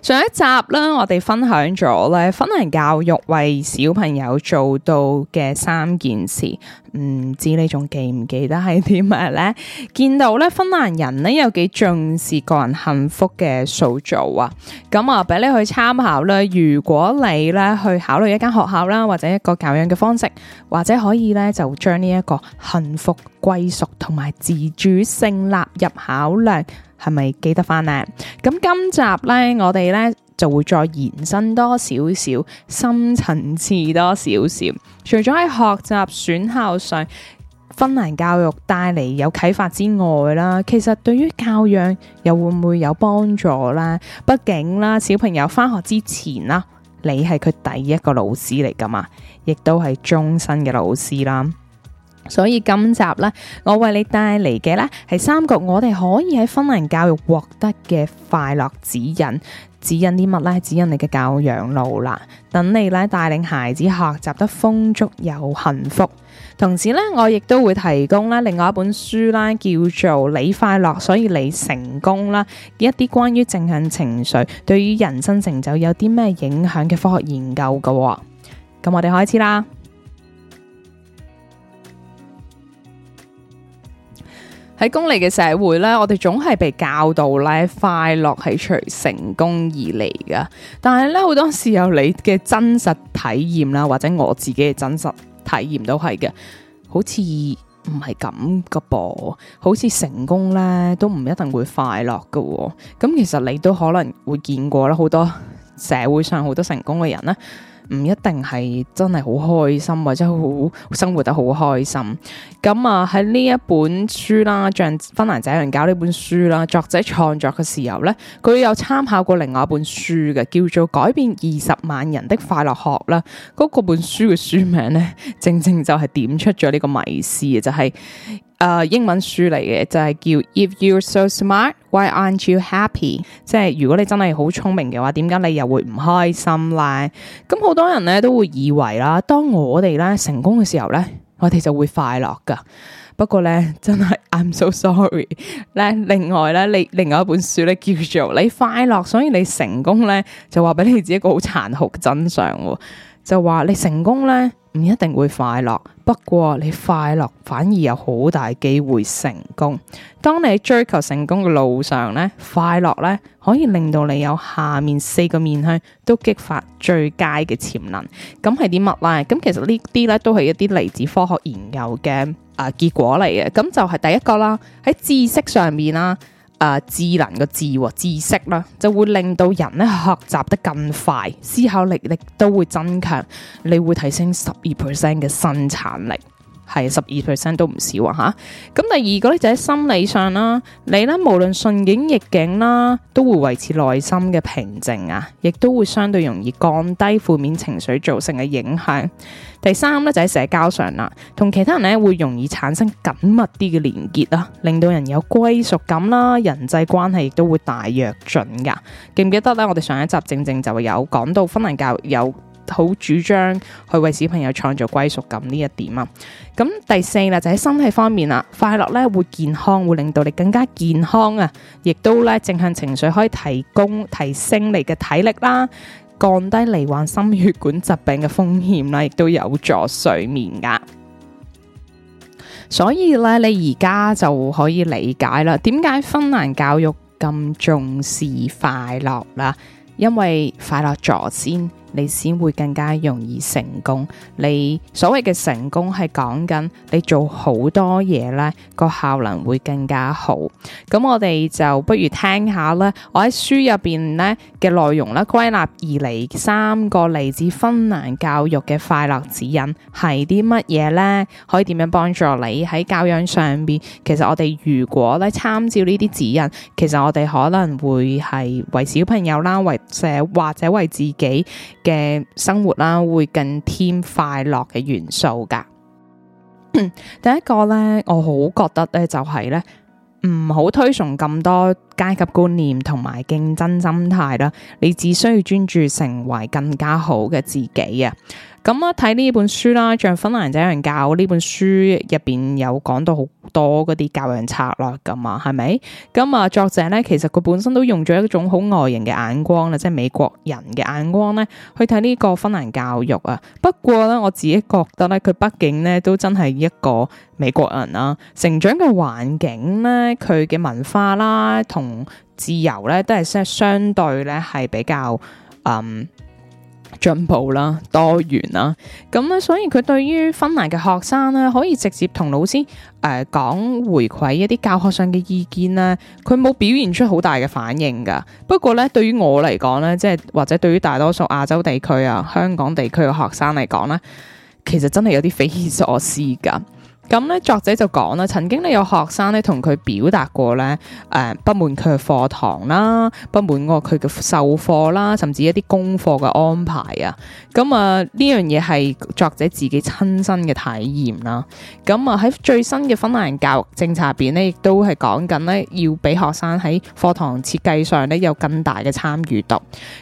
上一集咧，我哋分享咗咧芬蘭教育為小朋友做到嘅三件事，唔、嗯、知你仲記唔記得係點？呀？見到咧芬蘭人咧，有幾重視個人幸福嘅塑造啊！咁、嗯、啊，俾你去參考啦。如果你咧去考慮一間學校啦，或者一個教養嘅方式，或者可以咧就將呢一個幸福歸屬同埋自主性納入考量。係咪記得翻呢？咁今集呢，我哋呢就會再延伸多少少，深層次多少少。除咗喺學習選校上，芬蘭教育帶嚟有啟發之外啦，其實對於教養又會唔會有幫助呢？畢竟啦，小朋友翻學之前啦，你係佢第一個老師嚟噶嘛，亦都係終身嘅老師啦。所以今集咧，我為你帶嚟嘅咧係三個我哋可以喺芬蘭教育獲得嘅快樂指引，指引啲乜咧？指引你嘅教養路啦，等你咧帶領孩子學習得豐足又幸福。同時咧，我亦都會提供咧另外一本書啦，叫做《你快樂所以你成功》啦，一啲關於正向情緒對於人生成就有啲咩影響嘅科學研究嘅㗎喎。咁我哋開始啦。喺功利嘅社會咧，我哋總係被教導咧，快樂係隨成功而嚟噶但係咧，好多時候你嘅真實體驗啦，或者我自己嘅真實體驗都係嘅，好似唔係咁嘅噃。好似成功咧，都唔一定會快樂嘅喎。咁其實你都可能會見過啦，好多社會上好多成功嘅人咧。唔一定係真係好開心或者好生活得好開心咁啊！喺呢一本書啦，《像芬蘭這樣教》呢本書啦，作者創作嘅時候呢，佢有參考過另外一本書嘅，叫做《改變二十萬人的快樂學》啦。嗰個本書嘅書名呢，正正就係點出咗呢個迷思嘅，就係、是。誒，uh, 英文書嚟嘅就係、是、叫 If you're so smart, why aren't you happy？即係如果你真係好聰明嘅話，點解你又會唔開心咧？咁好多人咧都會以為啦，當我哋咧成功嘅時候咧，我哋就會快樂噶。不過咧，真係 I'm so sorry 咧。另外咧，你另，另外一本書咧叫做《你快樂，所以你成功》咧，就話俾你自己一個好殘酷嘅真相，就話你成功咧。唔一定會快樂，不過你快樂反而有好大機會成功。當你追求成功嘅路上咧，快樂咧可以令到你有下面四個面向都激發最佳嘅潛能。咁係啲乜咧？咁其實呢啲咧都係一啲嚟自科學研究嘅啊結果嚟嘅。咁就係第一個啦，喺知識上面啦。啊、uh, 哦！智能嘅智知識啦，就會令到人咧學習得更快，思考力力都會增強，你會提升十二 percent 嘅生產力。係十二 percent 都唔少啊！吓，咁第二個咧就喺、是、心理上啦，你咧無論順境逆境啦，都會維持內心嘅平靜啊，亦都會相對容易降低負面情緒造成嘅影響。第三咧就喺、是、社交上啦，同其他人咧會容易產生緊密啲嘅連結啦，令到人有歸屬感啦，人際關係亦都會大躍進噶。記唔記得咧？我哋上一集正正就有講到芬蘭教育有好主張去為小朋友創造歸屬感呢一點啊，咁第四啦就喺身體方面啦，快樂咧會健康，會令到你更加健康啊，亦都咧正向情緒可以提供提升你嘅體力啦，降低罹患心血管疾病嘅風險啦，亦都有助睡眠噶。所以咧，你而家就可以理解啦，點解芬蘭教育咁重視快樂啦？因為快樂咗先。你先會更加容易成功。你所謂嘅成功係講緊你做好多嘢，呢個效能會更加好。咁我哋就不如聽下啦。我喺書入邊呢嘅內容啦，歸納而嚟三個嚟自芬蘭教育嘅快樂指引係啲乜嘢呢？可以點樣幫助你喺教養上邊？其實我哋如果咧參照呢啲指引，其實我哋可能會係為小朋友啦，為或者為自己，嘅生活啦、啊，會更添快樂嘅元素㗎。 第一個咧，我好覺得咧，就係咧唔好推崇咁多階級觀念同埋競爭心態啦。你只需要專注成為更加好嘅自己。啊。咁啊，睇呢、嗯、本書啦，像芬蘭這樣教呢本書入邊有講到好多嗰啲教養策略㗎嘛，係咪？咁、嗯、啊，作者咧，其實佢本身都用咗一種好外人嘅眼光啦，即、就、係、是、美國人嘅眼光咧，去睇呢個芬蘭教育啊。不過咧，我自己覺得咧，佢畢竟咧都真係一個美國人啦、啊，成長嘅環境咧，佢嘅文化啦，同自由咧，都係相相對咧係比較嗯。進步啦，多元啦，咁咧，所以佢對於芬蘭嘅學生咧，可以直接同老師誒、呃、講回饋一啲教學上嘅意見咧，佢冇表現出好大嘅反應㗎。不過咧，對於我嚟講咧，即係或者對於大多數亞洲地區啊、香港地區嘅學生嚟講咧，其實真係有啲匪夷所思㗎。咁咧，作者就講啦，曾經咧有學生咧同佢表達過咧，誒、呃、不滿佢嘅課堂啦，不滿過佢嘅授課啦，甚至一啲功課嘅安排啊。咁啊，呢樣嘢係作者自己親身嘅體驗啦。咁啊，喺最新嘅芬蘭教育政策入邊咧，亦都係講緊咧要俾學生喺課堂設計上咧有更大嘅參與度。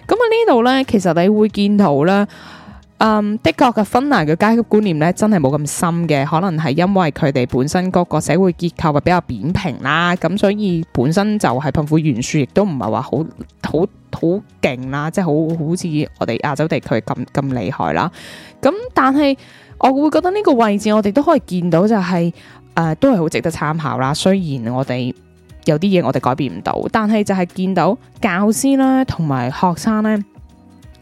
咁啊，呢度咧，其實你會見到咧。嗯，um, 的確嘅芬蘭嘅階級觀念咧，真係冇咁深嘅，可能係因為佢哋本身嗰個社會結構係比較扁平啦，咁所以本身就係貧富懸殊，亦都唔係話好好好勁啦，即係好好似我哋亞洲地區咁咁厲害啦。咁但係我會覺得呢個位置我哋都可以見到，就係，就係誒都係好值得參考啦。雖然我哋有啲嘢我哋改變唔到，但係就係見到教師啦同埋學生咧。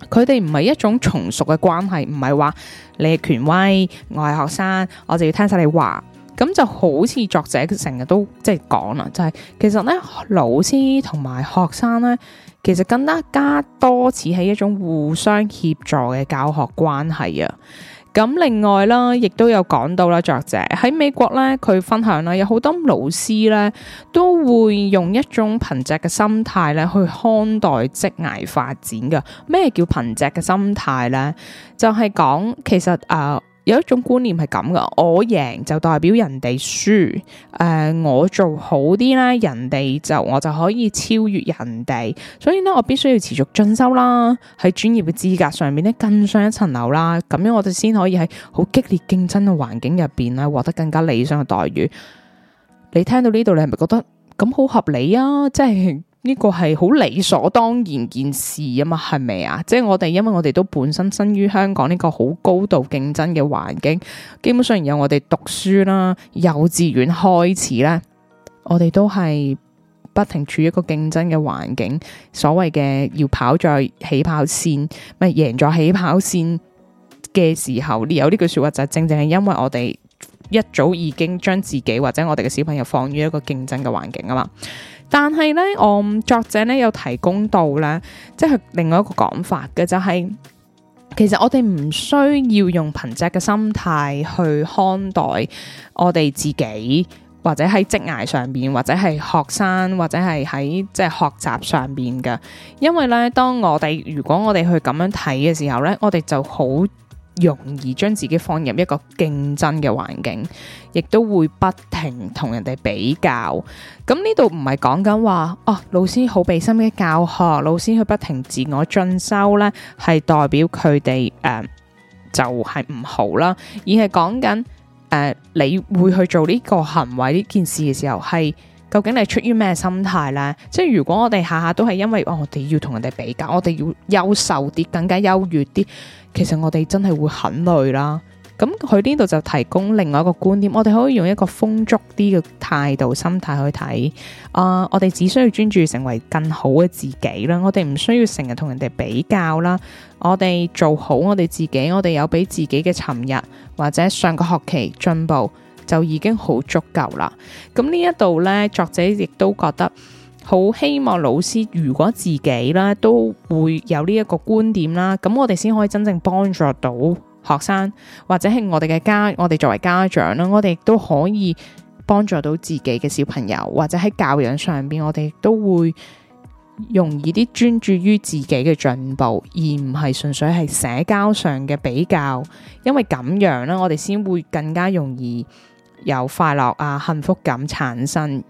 佢哋唔係一種從屬嘅關係，唔係話你係權威，我係學生，我就要聽晒你話。咁就好似作者成日都即係講啦，就係其實呢，老師同埋學生呢，其實更加加多似係一種互相協助嘅教學關係啊。咁另外啦，亦都有講到啦，作者喺美國咧，佢分享啦，有好多老師咧都會用一種貧瘠嘅心態咧去看待職涯發展嘅。咩叫貧瘠嘅心態咧？就係、是、講其實啊。呃有一種觀念係咁㗎，我贏就代表人哋輸。誒、呃，我做好啲咧，人哋就我就可以超越人哋。所以咧，我必須要持續進修啦，喺專業嘅資格上面咧更上一層樓啦。咁樣我哋先可以喺好激烈競爭嘅環境入邊咧獲得更加理想嘅待遇。你聽到呢度，你係咪覺得咁好合理啊？即係。呢個係好理所當然件事啊嘛，係咪啊？即係我哋，因為我哋都本身生於香港呢個好高度競爭嘅環境，基本上由我哋讀書啦、幼稚園開始咧，我哋都係不停處於一個競爭嘅環境。所謂嘅要跑在起跑線，唔係贏在起跑線嘅時候，有呢句說話就正正係因為我哋一早已經將自己或者我哋嘅小朋友放於一個競爭嘅環境啊嘛。是但係咧，我、嗯、作者咧有提供到咧，即係另外一個講法嘅，就是，就係其實我哋唔需要用貧瘠嘅心態去看待我哋自己，或者喺職涯上邊，或者係學生，或者係喺即係學習上邊嘅，因為咧，當我哋如果我哋去咁樣睇嘅時候咧，我哋就好容易將自己放入一個競爭嘅環境，亦都會不停同人哋比較。咁呢度唔係講緊話哦，老師好畀心機教學，老師去不停自我進修呢，係代表佢哋誒就係、是、唔好啦，而係講緊誒，你會去做呢個行為呢件事嘅時候係。究竟你係出於咩心態呢？即係如果我哋下下都係因為我哋要同人哋比較，我哋要優秀啲、更加優越啲，其實我哋真係會很累啦。咁佢呢度就提供另外一個觀點，我哋可以用一個豐足啲嘅態度、心態去睇。啊、呃，我哋只需要專注成為更好嘅自己啦。我哋唔需要成日同人哋比較啦。我哋做好我哋自己，我哋有俾自己嘅尋日或者上個學期進步，就已經好足夠啦。咁呢一度呢，作者亦都覺得好希望老師如果自己啦，都會有呢一個觀點啦。咁我哋先可以真正幫助到學生，或者係我哋嘅家，我哋作為家長啦，我哋都可以幫助到自己嘅小朋友，或者喺教養上邊，我哋都會容易啲專注於自己嘅進步，而唔係純粹係社交上嘅比較。因為咁樣呢，我哋先會更加容易。有快樂啊，幸福感產生，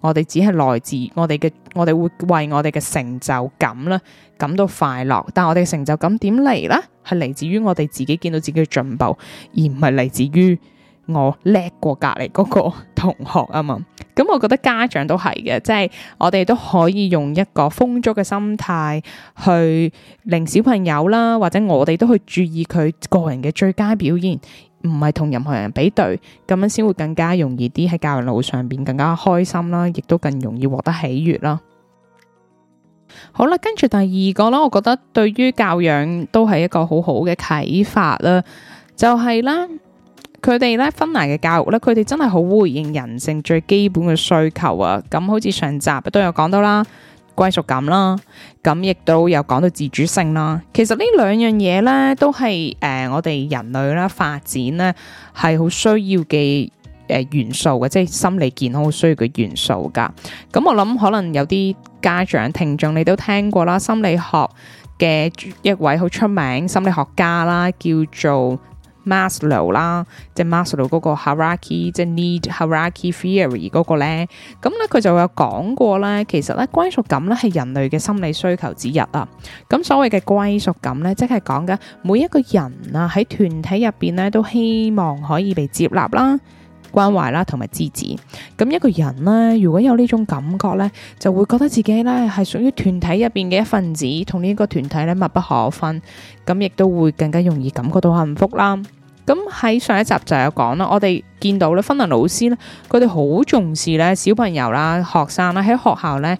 我哋只係來自我哋嘅，我哋會為我哋嘅成就感啦感到快樂。但我哋嘅成就感點嚟呢？係嚟自於我哋自己見到自己嘅進步，而唔係嚟自於我叻過隔籬嗰個同學啊嘛。咁我覺得家長都係嘅，即係我哋都可以用一個豐足嘅心態去令小朋友啦，或者我哋都去注意佢個人嘅最佳表現。唔係同任何人比對，咁樣先會更加容易啲喺教養路上邊更加開心啦，亦都更容易獲得喜悦啦。 好啦，跟住第二個啦，我覺得對於教養都係一個好好嘅啟發啦，就係、是、啦，佢哋咧芬蘭嘅教育咧，佢哋真係好回應人性最基本嘅需求啊！咁好似上集都有講到啦。歸屬感啦，咁亦都有講到自主性啦。其實呢兩樣嘢咧，都係誒我哋人類啦發展咧係好需要嘅，誒元素嘅，即係心理健康好需要嘅元素噶。咁我諗可能有啲家長聽眾你都聽過啦，心理學嘅一位好出名心理學家啦，叫做 Maslow 啦，Mas low, 即係 Maslow 嗰個 Hierarchy，即係 Need Hierarchy Theory 嗰個咧，咁咧佢就有講過咧，其實咧歸屬感咧係人類嘅心理需求之一啊。咁所謂嘅歸屬感咧，即係講緊每一個人啊喺團體入邊咧都希望可以被接納啦。關懷啦，同埋支持。咁一個人呢，如果有呢種感覺呢，就會覺得自己呢係屬於團體入邊嘅一份子，同呢個團體呢密不可分。咁亦都會更加容易感覺到幸福啦。咁喺上一集就有講啦，我哋見到咧芬蘭老師呢，佢哋好重視呢小朋友啦、學生啦喺學校呢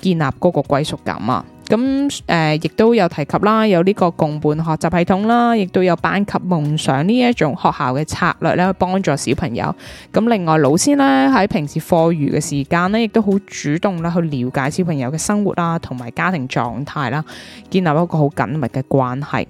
建立嗰個歸屬感啊。咁誒，亦、呃、都有提及啦，有呢個共伴學習系統啦，亦都有班級夢想呢一種學校嘅策略咧，去幫助小朋友。咁另外老師咧喺平時課餘嘅時間咧，亦都好主動啦，去了解小朋友嘅生活啦，同埋家庭狀態啦，建立一個好緊密嘅關係。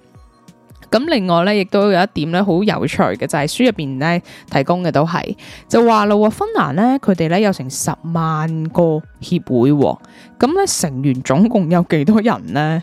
咁另外咧，亦都有一點咧，好有趣嘅就係、是、書入邊咧提供嘅都係就話咯，芬蘭咧佢哋咧有成十萬個協會、哦，咁咧成員總共有幾多人呢？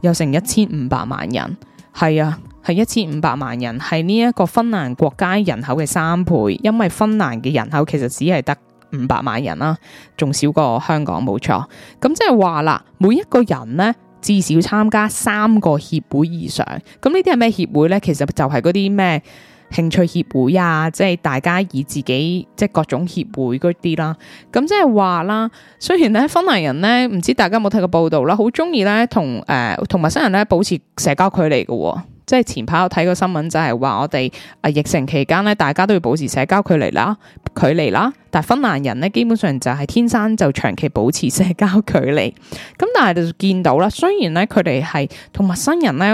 有成一千五百萬人，係啊，係一千五百萬人，係呢一個芬蘭國家人口嘅三倍，因為芬蘭嘅人口其實只係得五百萬人啦、啊，仲少過香港冇錯。咁即係話啦，每一個人咧。至少參加三個協會以上，咁呢啲係咩協會呢？其實就係嗰啲咩興趣協會啊，即係大家以自己即係各種協會嗰啲啦。咁即係話啦，雖然咧芬蘭人呢，唔知大家有冇睇過報道啦，好中意咧同誒同陌生人咧保持社交距離嘅喎。即係前排我睇個新聞就係話我哋啊疫情期間咧，大家都要保持社交距離啦、距離啦。但係芬蘭人咧，基本上就係天生就長期保持社交距離。咁但係就見到啦，雖然咧佢哋係同陌生人咧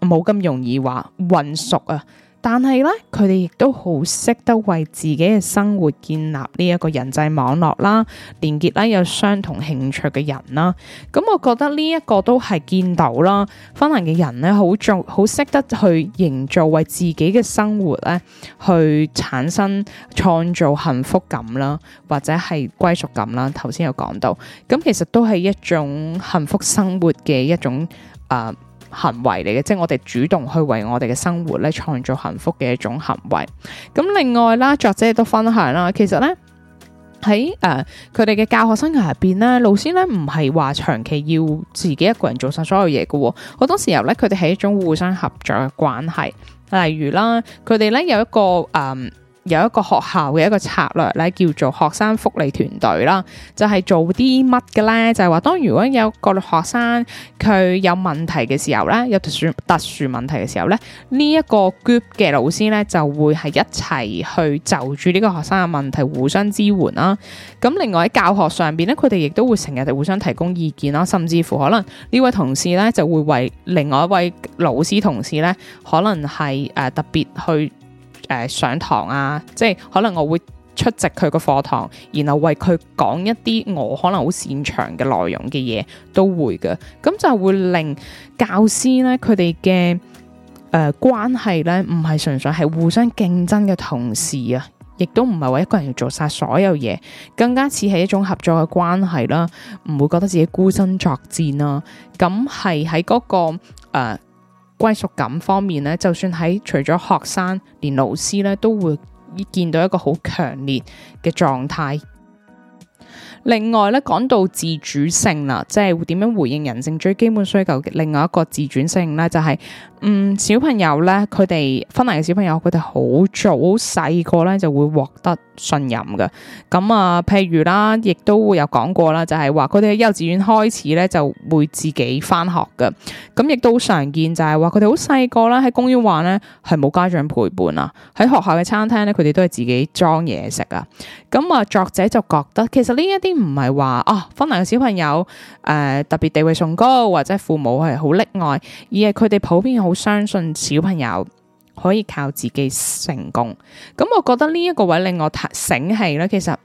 冇咁容易話混熟啊。但係咧，佢哋亦都好識得為自己嘅生活建立呢一個人際網絡啦，連結啦，有相同興趣嘅人啦。咁、嗯、我覺得呢一個都係見到啦，芬蘭嘅人咧好做，好識得去營造為自己嘅生活咧，去產生創造幸福感啦，或者係歸屬感啦。頭先有講到，咁、嗯、其實都係一種幸福生活嘅一種啊。呃行為嚟嘅，即係我哋主動去為我哋嘅生活咧創造幸福嘅一種行為。咁另外啦，作者亦都分享啦，其實咧喺誒佢哋嘅教學生涯入邊咧，老師咧唔係話長期要自己一個人做晒所有嘢嘅，哦，好多時候咧佢哋係一種互相合作嘅關係。例如啦，佢哋咧有一個誒。呃有一個學校嘅一個策略咧，叫做學生福利團隊啦，就係做啲乜嘅咧？就係話，當如果有個學生佢有問題嘅時候咧，有特殊特殊問題嘅時候咧，呢一個 group 嘅老師咧就會係一齊去就住呢個學生嘅問題互相支援啦。咁另外喺教學上邊咧，佢哋亦都會成日互相提供意見啦，甚至乎可能呢位同事咧就會為另外一位老師同事咧，可能係誒特別去。誒、呃，上堂啊，即係可能我會出席佢個課堂，然後為佢講一啲我可能好擅長嘅內容嘅嘢，都會嘅。咁就會令教師咧，佢哋嘅誒關係咧，唔係純粹係互相競爭嘅同事啊，亦都唔係話一個人要做晒所有嘢，更加似係一種合作嘅關係啦，啊。唔會覺得自己孤身作戰啦，啊，咁係喺嗰個誒。呃歸屬感方面呢，就算係除咗學生，連老師呢都會見到一個好強烈嘅狀態。另外咧，講到自主性啦，即係會點樣回應人性最基本需求嘅另外一個自主性咧，就係、是、嗯，小朋友咧，佢哋芬蘭嘅小朋友，佢哋好早細個咧就會獲得信任嘅。咁啊，譬如啦，亦都會有講過啦，就係話佢哋喺幼稚園開始咧就會自己返學嘅。咁亦都常見就係話佢哋好細個啦，喺公園玩咧係冇家長陪伴啊，喺學校嘅餐廳咧佢哋都係自己裝嘢食啊。咁啊，作者就覺得其實呢。呢一啲唔係話哦，芬蘭嘅小朋友誒、呃、特別地位崇高或者父母係好溺愛，而係佢哋普遍好相信小朋友可以靠自己成功。咁、嗯、我覺得呢一個位令我醒起咧，其實呢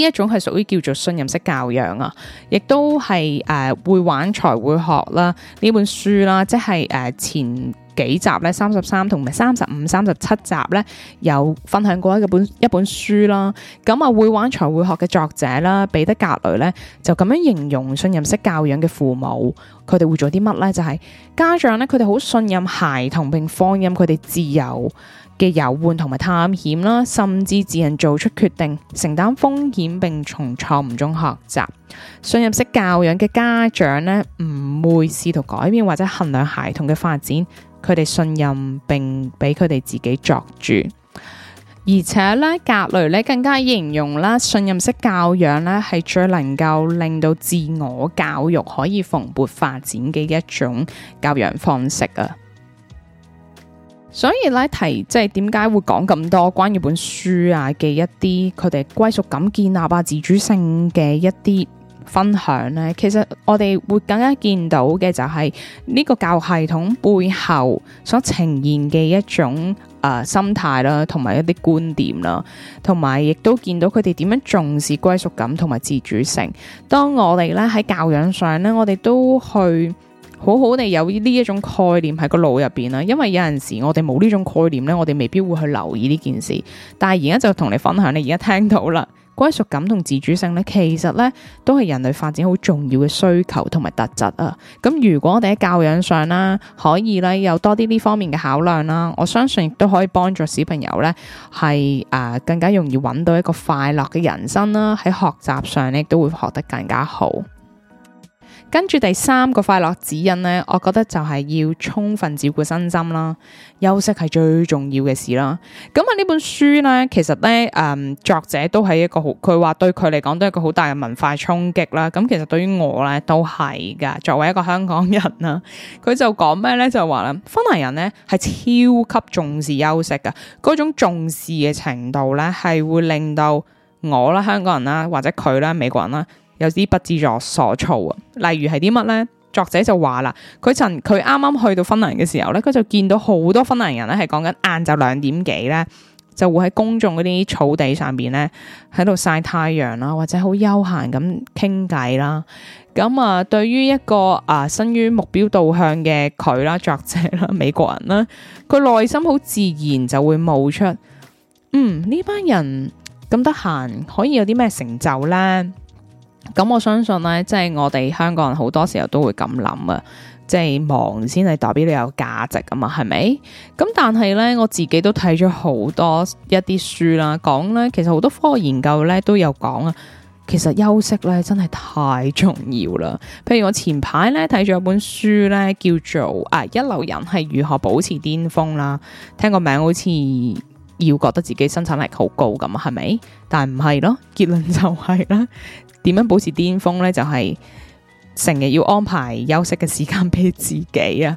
一種係屬於叫做信任式教養啊，亦都係誒、呃、會玩才會學啦呢本書啦，即係誒、呃、前。幾集咧，三十三同埋三十五、三十七集咧，有分享過一本一本書啦。咁啊，會玩才會學嘅作者啦，彼得格雷呢，就咁樣形容信任式教養嘅父母，佢哋會做啲乜呢？就係、是、家長呢，佢哋好信任孩童並放任佢哋自由嘅遊玩同埋探險啦，甚至自行做出決定、承擔風險並從錯誤中學習。信任式教養嘅家長呢，唔會試圖改變或者衡量孩童嘅發展。佢哋信任並俾佢哋自己作主，而且咧，格雷咧更加形容啦，信任式教養咧係最能夠令到自我教育可以蓬勃發展嘅一種教養方式啊！ 所以咧，提即係點解會講咁多關於本書啊嘅一啲佢哋歸屬感建立啊、自主性嘅一啲。分享咧，其實我哋會更加見到嘅，就係呢個教系統背後所呈現嘅一種誒、呃、心態啦，同埋一啲觀點啦，同埋亦都見到佢哋點樣重視歸屬感同埋自主性。當我哋咧喺教養上咧，我哋都去好好地有呢一種概念喺個腦入邊啦。因為有陣時我哋冇呢種概念咧，我哋未必會去留意呢件事。但係而家就同你分享，你而家聽到啦。歸屬感同自主性咧，其實咧都係人類發展好重要嘅需求同埋特質啊。咁如果我哋喺教養上啦，可以咧有多啲呢方面嘅考量啦，啊，我相信亦都可以幫助小朋友咧係誒更加容易揾到一個快樂嘅人生啦，啊。喺學習上咧，都會學得更加好。跟住第三個快樂指引呢，我覺得就係要充分照顧身心啦，休息係最重要嘅事啦。咁、嗯、啊，呢本書呢，其實呢，誒、嗯，作者都係一個好，佢話對佢嚟講都係一個好大嘅文化衝擊啦。咁、嗯、其實對於我呢，都係噶，作為一個香港人啦，佢就講咩呢？就話啦，芬蘭人呢係超級重視休息噶，嗰種重視嘅程度呢，係會令到我啦，香港人啦，或者佢啦，美國人啦。有啲不知所措啊，例如係啲乜呢？作者就話啦，佢曾佢啱啱去到芬蘭嘅時候咧，佢就見到好多芬蘭人咧，係講緊晏晝兩點幾咧，就會喺公眾嗰啲草地上邊咧喺度曬太陽啦，或者好悠閒咁傾偈啦。咁啊，對於一個啊生、呃、於目標導向嘅佢啦，作者啦，美國人啦，佢內心好自然就會冒出，嗯，呢班人咁得閒，可以有啲咩成就呢？」咁我相信咧，即係我哋香港人好多時候都會咁諗啊，即係忙先係代表你有價值㗎嘛，係咪？咁但係咧，我自己都睇咗好多一啲書啦，講咧，其實好多科學研究咧都有講啊。其實休息咧真係太重要啦。譬如我前排咧睇咗一本書咧，叫做《啊一流人係如何保持巔峰》啦，聽個名好似要覺得自己生產力好高咁啊，係咪？但係唔係咯，結論就係啦。點樣保持巔峰呢？就係成日要安排休息嘅時間俾自己啊！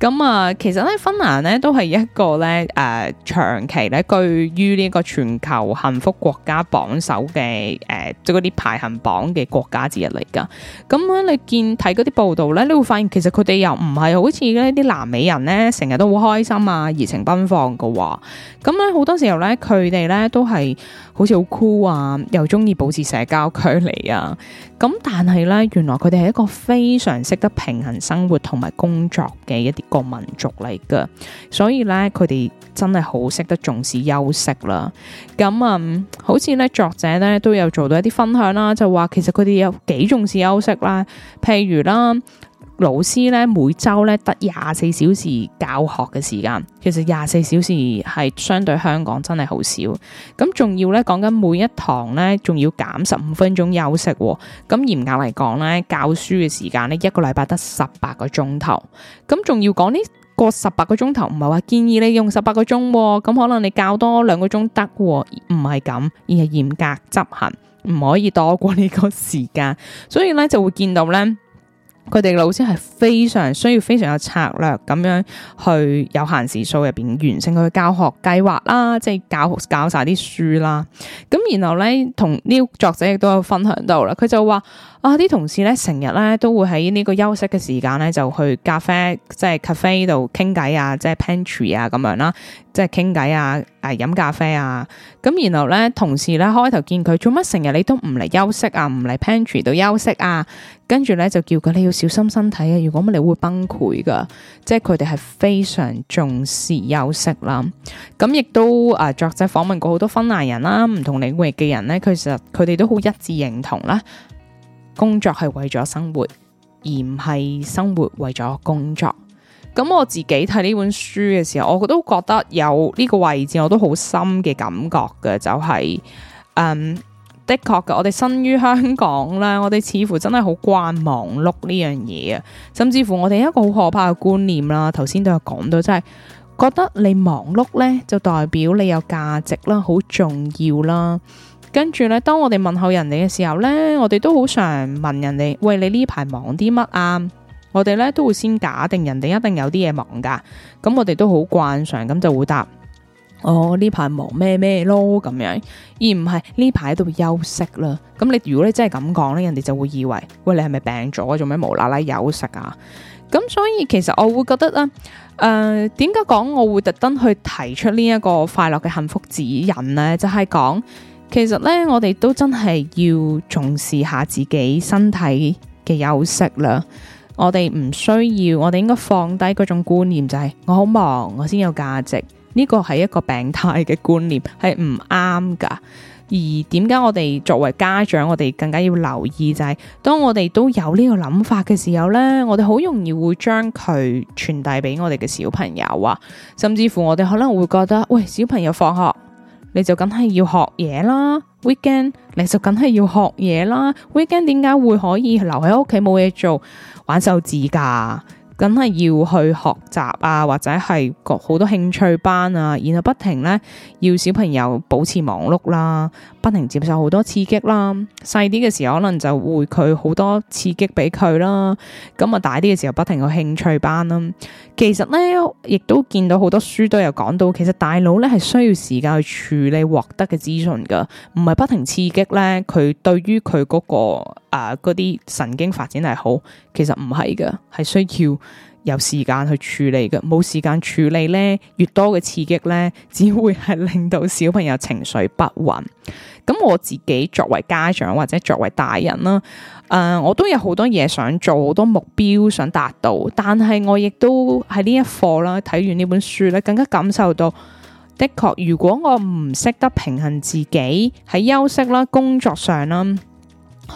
咁啊、嗯，其實咧，芬蘭咧都係一個咧，誒、呃、長期咧居於呢個全球幸福國家榜首嘅誒、呃、即係嗰啲排行榜嘅國家之一嚟噶。咁、嗯、咧，你見睇嗰啲報道咧，你會發現其實佢哋又唔係好似呢啲南美人咧，成日都好開心啊，熱情奔放嘅話。咁、嗯、咧，好多時候咧，佢哋咧都係好似好 cool 啊，又中意保持社交距離啊。咁、嗯、但係咧，原來佢哋係一個非常識得平衡生活同埋工作嘅一啲。個民族嚟噶，所以咧佢哋，真係好識得重視休息啦。咁、嗯、啊，好似咧作者咧都有做到一啲分享啦，就話其實佢哋有幾重視休息啦，譬如啦。老師咧每周咧得廿四小時教學嘅時間，其實廿四小時係相對香港真係好少。咁仲要咧講緊每一堂咧，仲要減十五分鐘休息喎。咁嚴格嚟講咧，教書嘅時間呢，一個禮拜得十八個鐘頭。咁仲要講呢個十八個鐘頭，唔係話建議你用十八個鐘，咁可能你教多兩個鐘得喎，唔係咁，而係嚴格執行，唔可以多過呢個時間。所以咧就會見到咧。佢哋老師係非常需要，非常有策略咁樣去有限時數入邊完成佢嘅教學計劃啦，即係教教曬啲書啦。咁然後咧，同呢個作者亦都有分享到啦，佢就話。啊！啲同事咧，成日咧都會喺呢個休息嘅時間咧，就去咖啡，即係咖啡度傾偈啊，即係 pantry 啊咁樣啦，即係傾偈啊，啊、呃、飲咖啡啊。咁、啊、然後咧，同事咧開頭見佢做乜成日你都唔嚟休息啊，唔嚟 pantry 度休息啊。跟住咧就叫佢你要小心身體啊，如果唔係你會崩潰噶。即係佢哋係非常重視休息啦。咁、啊、亦都啊，作者訪問過好多芬蘭人啦、啊，唔同領域嘅人咧，其實佢哋都好一致認同啦。工作係為咗生活，而唔係生活為咗工作。咁我自己睇呢本書嘅時候，我都覺得有呢個位置，我都好深嘅感覺嘅，就係、是、嗯的確嘅。我哋生於香港咧，我哋似乎真係好慣忙碌呢樣嘢啊，甚至乎我哋一個好可怕嘅觀念啦。頭先都有講到，真、就、係、是、覺得你忙碌呢，就代表你有價值啦，好重要啦。跟住咧，當我哋問候人哋嘅時候咧，我哋都好常問人哋，喂，你呢排忙啲乜啊？我哋咧都會先假定人哋一定有啲嘢忙噶，咁、嗯、我哋都好慣常咁、嗯、就會答，哦，呢排忙咩咩咯咁樣，而唔係呢排喺度休息啦。咁、嗯、你如果你真係咁講咧，人哋就會以為，喂，你係咪病咗？做咩無啦啦休息啊？咁、嗯、所以其實我會覺得咧，誒、呃，點解講我會特登去提出呢一個快樂嘅幸福指引呢？就係、是、講。其實咧，我哋都真係要重視下自己身體嘅休息啦。我哋唔需要，我哋應該放低嗰種觀念，就是，就係我好忙，我先有價值。呢，這個係一個病態嘅觀念，係唔啱㗎。而點解我哋作為家長，我哋更加要留意，就是，就係當我哋都有呢個諗法嘅時候咧，我哋好容易會將佢傳遞俾我哋嘅小朋友啊，甚至乎我哋可能會覺得，喂，小朋友放學。你就梗係要學嘢啦，weekend 你就梗係要學嘢啦，weekend 點解會可以留喺屋企冇嘢做玩手指噶？梗係要去學習啊，或者係好多興趣班啊，然後不停咧要小朋友保持忙碌啦，不停接受好多刺激啦。細啲嘅時候可能就會佢好多刺激俾佢啦，咁啊大啲嘅時候不停有興趣班啦。其實咧亦都見到好多書都有講到，其實大腦咧係需要時間去處理獲得嘅資訊噶，唔係不停刺激咧，佢對於佢嗰個。啊！嗰啲、呃、神經發展係好，其實唔係㗎，係需要有時間去處理嘅。冇時間處理咧，越多嘅刺激咧，只會係令到小朋友情緒不穩。咁我自己作為家長或者作為大人啦，誒、呃，我都有好多嘢想做，好多目標想達到，但係我亦都喺呢一課啦，睇完呢本書咧，更加感受到的確，如果我唔識得平衡自己喺休息啦、工作上啦。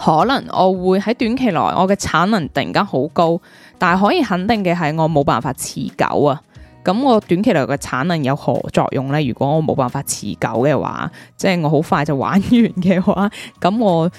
可能我會喺短期內我嘅產能突然間好高，但係可以肯定嘅係我冇辦法持久啊。咁我短期內嘅產能有何作用呢？如果我冇辦法持久嘅話，即係我好快就玩完嘅話，咁我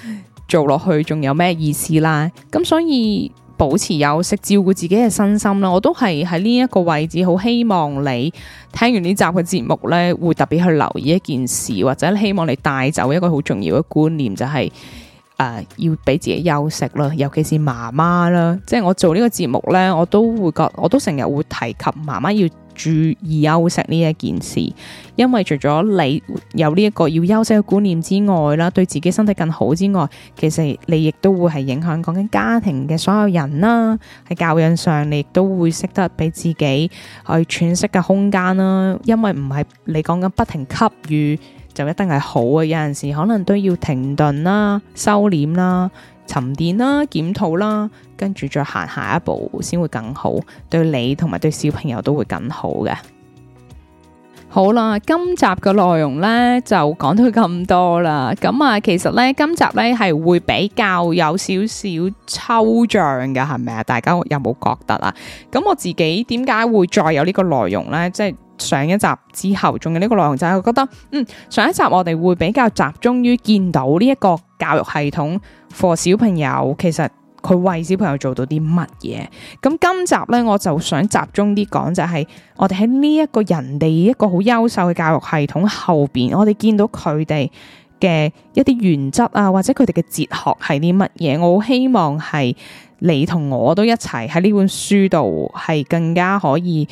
做落去仲有咩意思啦？咁所以保持休息照顧自己嘅身心啦。我都係喺呢一個位置，好希望你聽完呢集嘅節目呢，會特別去留意一件事，或者希望你帶走一個好重要嘅觀念，就係、是。誒，uh, 要俾自己休息囉，尤其是媽媽啦。即係我做呢個節目呢，我都會覺得，我都成日會提及媽媽要注意休息呢一件事。因為除咗你有呢一個要休息嘅觀念之外啦，對自己身體更好之外，其實你亦都會係影響講緊家庭嘅所有人啦。喺教養上，你亦都會識得俾自己去喘息嘅空間啦。因為唔係你講緊不停給予。就一定係好啊。有陣時可能都要停頓啦、收斂啦、沉澱啦、檢討啦，跟住再行下一步先會更好，對你同埋對小朋友都會更好嘅。好啦，今集嘅內容呢就講到咁多啦。咁、嗯、啊，其實呢，今集呢係會比較有少少抽象嘅，係咪啊？大家有冇覺得啊？咁我自己點解會再有呢個內容呢？即係。上一集之後，仲有呢個內容就係覺得，嗯，上一集我哋會比較集中於見到呢一個教育系統 for 小朋友，其實佢為小朋友做到啲乜嘢？咁今集呢，我就想集中啲講，就是，就係我哋喺呢一個人哋一個好優秀嘅教育系統後邊，我哋見到佢哋嘅一啲原則啊，或者佢哋嘅哲學係啲乜嘢？我好希望係你同我都一齊喺呢本書度係更加可以。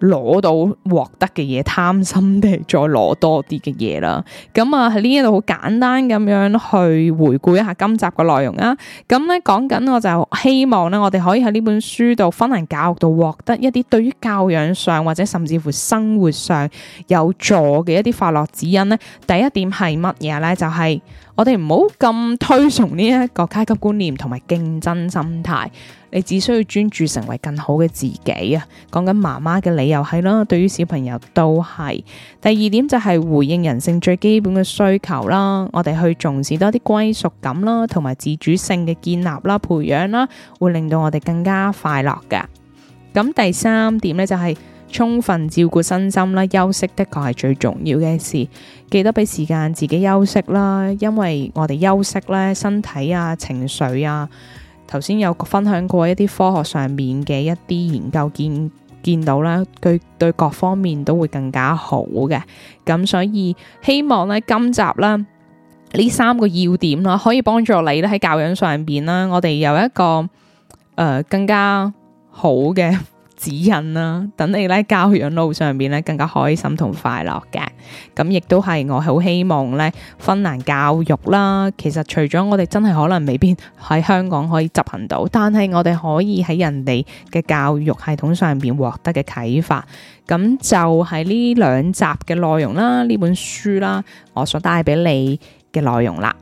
攞到獲得嘅嘢，貪心地再攞多啲嘅嘢啦。咁啊喺呢一度好簡單咁樣去回顧一下今集嘅內容啊。咁咧講緊我就希望咧，我哋可以喺呢本書度，芬蘭教育度獲得一啲對於教養上或者甚至乎生活上有助嘅一啲快樂指引咧。第一點係乜嘢咧？就係、是。我哋唔好咁推崇呢一個階級觀念同埋競爭心態，你只需要專注成為更好嘅自己啊。講緊媽媽嘅理由係啦，對於小朋友都係。第二點就係回應人性最基本嘅需求啦，我哋去重視多啲歸屬感啦，同埋自主性嘅建立啦、培養啦，會令到我哋更加快樂嘅。咁第三點咧就係、是。充分照顧身心啦，休息的確係最重要嘅事。記得俾時間自己休息啦，因為我哋休息咧，身體啊、情緒啊，頭先有分享過一啲科學上面嘅一啲研究見見到啦，佢對各方面都會更加好嘅。咁所以希望咧，今集啦，呢三個要點啦，可以幫助你咧喺教養上面啦，我哋有一個誒、呃、更加好嘅。 指引啦、啊，等你咧教養路上面咧更加開心同快樂嘅咁，亦都係我好希望咧芬蘭教育啦。其實除咗我哋真係可能未必喺香港可以執行到，但係我哋可以喺人哋嘅教育系統上面獲得嘅啟發。咁就係呢兩集嘅內容啦，呢本書啦，我想帶俾你嘅內容啦。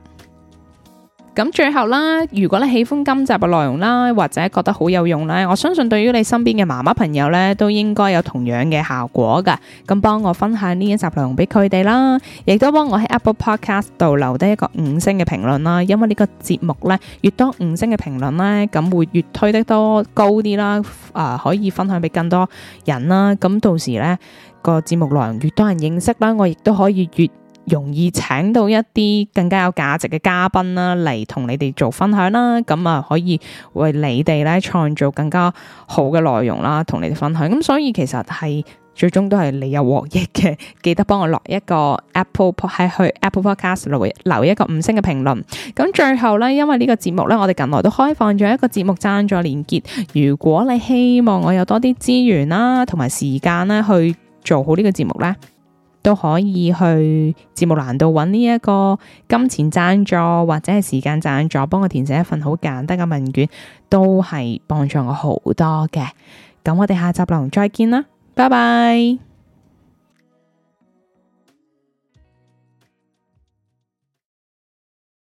咁最後啦，如果你喜歡今集嘅內容啦，或者覺得好有用咧，我相信對於你身邊嘅媽媽朋友咧，都應該有同樣嘅效果噶。咁幫我分享呢一集內容俾佢哋啦，亦都幫我喺 Apple Podcast 度留低一個五星嘅評論啦。因為個節呢個節目咧，越多五星嘅評論咧，咁會越推得多高啲啦。啊、呃，可以分享俾更多人啦。咁到時咧、這個節目內容越多人認識啦，我亦都可以越。容易請到一啲更加有價值嘅嘉賓啦，嚟同你哋做分享啦，咁啊可以為你哋呢創造更加好嘅內容啦，同你哋分享。咁所以其實係最終都係你有獲益嘅，記得幫我落一個 Apple App Podcast 去 Apple Podcast 留一個五星嘅評論。咁最後呢，因為呢個節目呢，我哋近來都開放咗一個節目贊助連結，如果你希望我有多啲資源啦，同埋時間呢，去做好呢個節目呢。都可以去節目欄度揾呢一個金錢贊助或者係時間贊助，幫我填寫一份好簡單嘅問卷，都係幫助我好多嘅。咁我哋下集內容再見啦，拜拜。